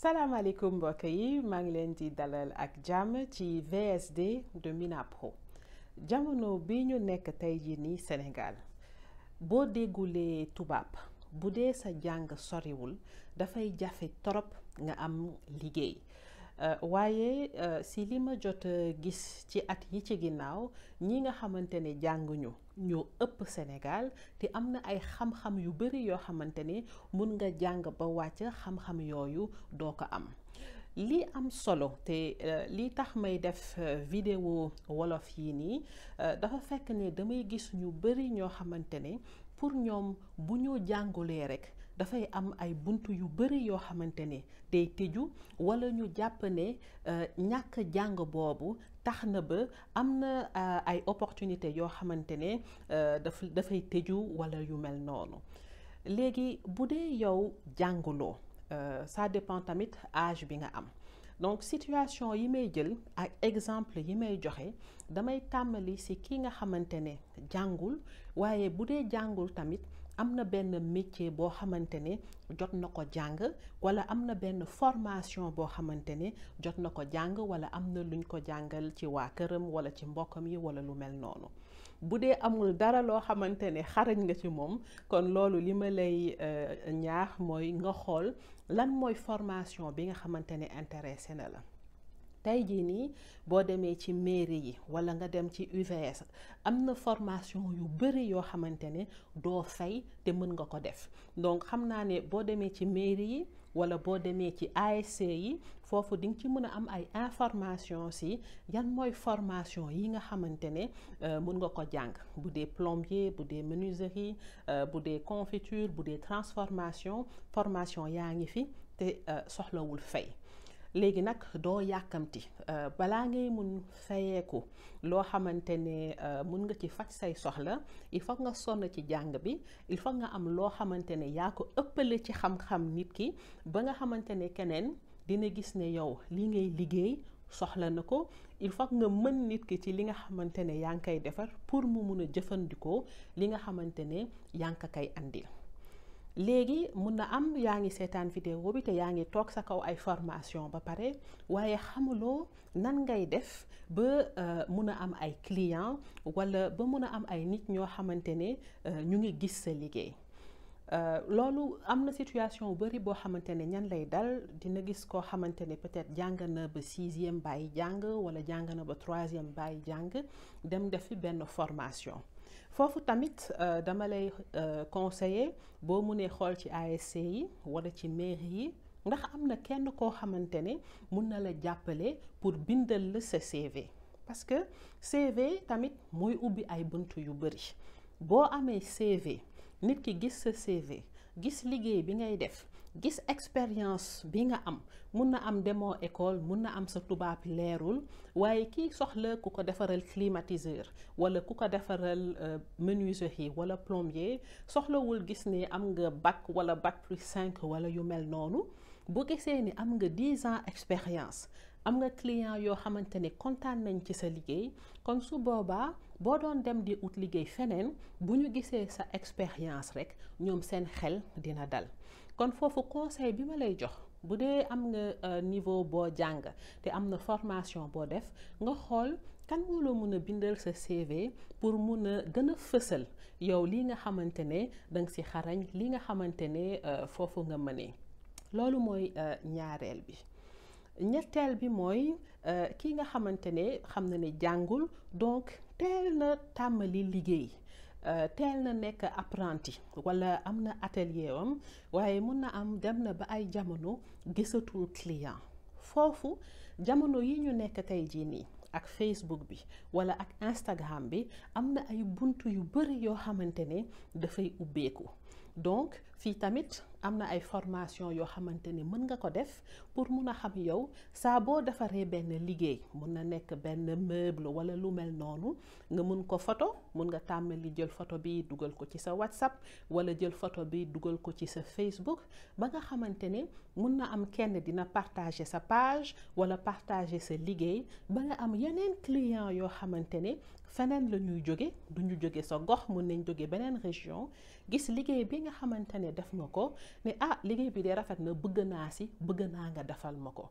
salaamaaleykum mbokk yi maa ngi leen di dalal ak jàmm ci VSD de Minapro jamono bi ñu nekk tey jii nii Sénégal boo déggulee tubaab bu dee sa jàng soriwul dafay jafe torop nga am liggéey Euh, waaye euh, si li ma jot gis ci at yi ci ginnaaw ñi nga xamante ne jànguñu ñoo ëpp Sénégal te am na ay xam-xam yu bari yoo xamante ne mun nga jàng ba wàcc xam-xam yooyu doo ko am li am solo te euh, lii tax may def vidéo wolof yi nii dafa fekk ne damay gis ñu bari ñoo xamante ne pour ñoom bu ñu jàngulee rekk dafay am ay bunt yu bëri yoo xamante ne tey tëju wala ñu jàpp ne euh, ñàkk jàng boobu tax na ba am na euh, ay opportunité yoo xamante ne euh, daf dafay tëju wala yu mel noonu léegi bu dee yow jànguloo ça dépend tamit âge bi nga am donc situation yi may jël ak exemple yi may joxe damay tàmbali ci ki nga xamante ne jàngul waaye bu dee jàngul tamit am na benn métier boo xamante ne jot na ko jàng wala am na benn formation boo xamante ne jot na ko jàng wala am na luñ ko jàngal ci waa këram wala ci mbokkam yi wala lu mel noonu bu dee amul dara loo xamante ne xarañ nga ci moom kon loolu li ma lay euh, ñaax mooy nga xool lan mooy formation bi nga xamante ne intéressé na la tey jii nii boo demee ci mairie yi wala nga dem ci UVS am na formation yu bëri yoo xamante ne doo fay te mën nga ko def donc xam naa ne boo demee ci mairie yi wala boo demee ci ASC yi foofu di nga ci mën a am ay information si yan mooy formation yi nga xamante ne euh, mën nga ko jàng bu dee plombier bu dee menuiserie euh, bu dee confiture bu dee transformation formation yaa ngi fi te euh, soxlawul fay léegi nag doo yàkkamti euh, balaa ngay mun fayeeku loo xamante ne euh, mun nga ci faj say soxla il faut nga sonn ci jàng bi il faut nga am loo xamante ne yaa ko ëppale ci xam-xam nit ki ba nga xamante ne keneen dina gis ne yow li ngay liggéey soxla na ko il faut nga mën nit ki ci li nga xamante ne yaa ngi koy defar pour mu mun a jëfandikoo li nga xamante ne yaa ngi léegi mun na am yaa ngi seetaan vidéo bi te yaa ngi toog sa kaw ay formation ba pare waaye xamuloo nan ngay def ba euh, mun a am ay client wala ba mun a am ay nit ñoo xamante ne euh, ñu ngi gis sa liggéey Euh, loolu am na situation wu bëri boo xamante ne ñan lay dal dina gis koo xamante ne peut-être jàng na ba sixième bàyyi jàng wala jàng na ba troisième bàyyi jàng dem defi benn formation foofu tamit euh, dama lay euh, conseiller boo mu mënee xool ci ASC yi wala ci mairie yi ndax am na kenn koo xamante ne mun na la jàppale pour bindal la sa CV parce que CV tamit mooy ubbi ay bunt yu bëri boo amee CV. nit ki gis sa CV gis liggéey bi ngay def gis expérience bi nga am mun na am demoo école mun na am sa tubaab leerul waaye kii soxla ku ko defaral climatiseur wala ku ko defaral euh, menuiserie wala plombier soxlawul gis ni am nga bac wala bac plus 5 wala yu mel noonu bu gisee ni am nga 10 ans expérience am nga client yoo xamante ne kontaan nañ ci sa liggéey kon su boobaa boo doon dem di ut liggéey feneen bu ñu gisee sa expérience rek ñoom seen xel dina dal kon foofu conseil bi ma lay jox bu dee am nga euh, niveau boo jàng te am na formation boo def nga xool kan moo la mun a bindal sa CV pour mun a gën a fësal yow lii nga xamante ne danga ci xarañ li nga xamante ne euh, foofu nga mënee loolu mooy euh, ñaareel bi ñetteel bi mooy euh, kii nga xamante ne xam na ne jàngul donc teel na tàmbali liggéey euh, teel na nekk apranti walla am na atelier am waaye mun na am dem na ba ay jamono gisatul client foofu jamono yi ñu nekk tey jii nii ak Facebook bi wala ak Instagram bi am na ay bunt yu bari yoo xamante ne dafay ubbeeku donc fii tamit am na ay formation yoo xamante ni mën nga ko def pour mun a xam yow saa boo defaree benn liggéey mun na nekk benn meuble wala lu mel noonu nga mun ko photo mun nga tàmmali jël foto bi dugal ko ci sa WhatsApp wala jël foto bi dugal ko ci sa Facebook ba nga xamante ne mun na am kenn dina partager sa page wala partager sa liggéey ba nga am yeneen client yoo xamante ne feneen la ñuy jóge du ñu jóge sa gox mun nañ jóge beneen région gis liggéey bi nga xamante ne def nga ko mais ah liggéey bi de rafet na bëgg naa si bëgg naa nga defal ma ko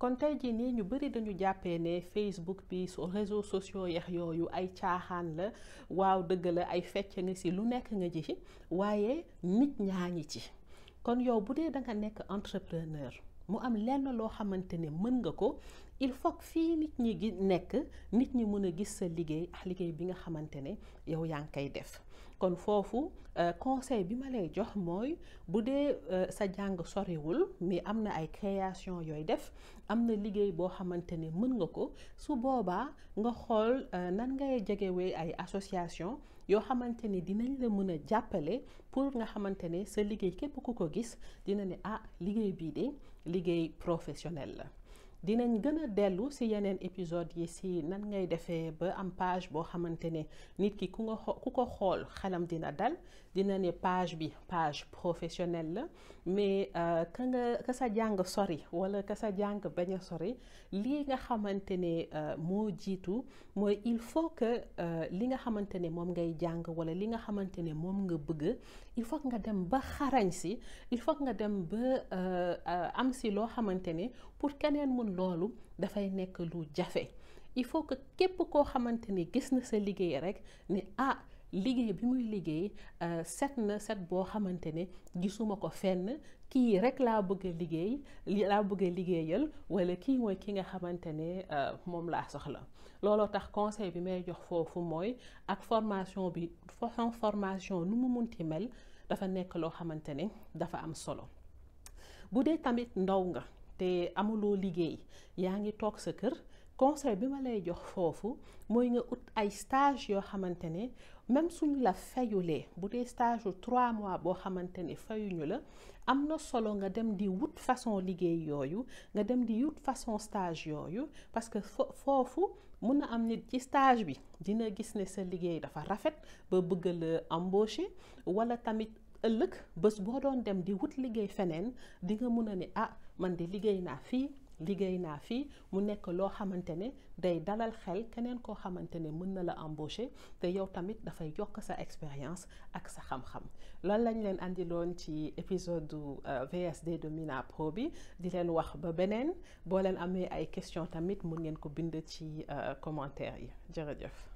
kon tey jii nii ñu bëri dañu jàppee ne Facebook bi so réseaux sociaux yeex yooyu ay caaxaan la waaw dëgg la ay fecc nga si lu nekk nga ji ci waaye nit ñaa ngi ci kon yow bu dee da nga nekk entrepreneur mu am lenn loo xamante ne mën nga ko il faut fii nit ñi gi nekk nit ñi mën a gis sa liggéey ax ah, liggéey bi nga xamante ne yow yaa ngi koy def kon foofu euh, conseil bi ma lay jox mooy bu dee euh, sa jàng soriwul mais am na ay création yooy def am na liggéey boo xamante ne mën nga ko su boobaa nga xool euh, nan ngay jegewee ay association yoo xamante ne dinañ la mën a jàppale pour nga xamante ne sa liggéey képp ku ko gis dina ne ah liggéey bii de liggéey professionnel la dinañ gën a dellu si yeneen épisode yi si nan ngay defee ba am page boo xamante ne nit ki ku nga ku ko xool xelam dina dal dina ne page bi page professionnelle la mais euh, ka nga ka sa jàng sori wala ka sa jàng bañ sori lii nga xamante ne euh, moo jiitu mooy il faut que euh, li nga xamante ne moom ngay jàng wala li nga xamante ne moom nga bëgg il faut nga dem ba xarañ si il faut nga dem ba am si loo xamante ne pour keneen mun loolu dafay nekk lu jafe il faut que képp koo xamante ne gis na sa liggéey rek ne ah liggéey bi muy liggéey euh, set na set boo xamante ne gisuma ko fenn kii rek laa bëgg a liggéey laa bëgg a liggéeyal walla kii mooy ki nga xamante ne euh, moom laa soxla looloo tax conseil bi may jox foofu mooy ak formation bi façon formation nu mu munti mel dafa nekk loo xamante ne dafa am solo bu dee tamit ndaw nga te amuloo liggéey yaa ngi toog sa kër conseil bi ma lay jox foofu mooy nga ut ay stage yoo xamante ne même suñu la fayulee bu dee stage yu trois mois boo xamante ne fayuñu la am na solo nga dem di wut façon liggéey yooyu nga dem di wut façon stage yooyu parce que foofu mun na am nit ci stage bi dina gis ne sa liggéey dafa rafet ba bëgg la embaucher wala tamit ëllëg bés boo doon dem di wut liggéey feneen di nga mun a ne ah man de liggéey naa fii liggéey naa fi mu nekk loo xamante ne day dalal xel keneen koo xamante ne mën na la embaucher te yow tamit dafay yokk sa expérience ak sa xam-xam loolu lañ leen andiloon ci épisode du euh, VSD de Mina Pro bi di leen wax ba beneen boo leen amee ay question tamit mun ngeen ko bind ci euh, commentaire yi jërëjëf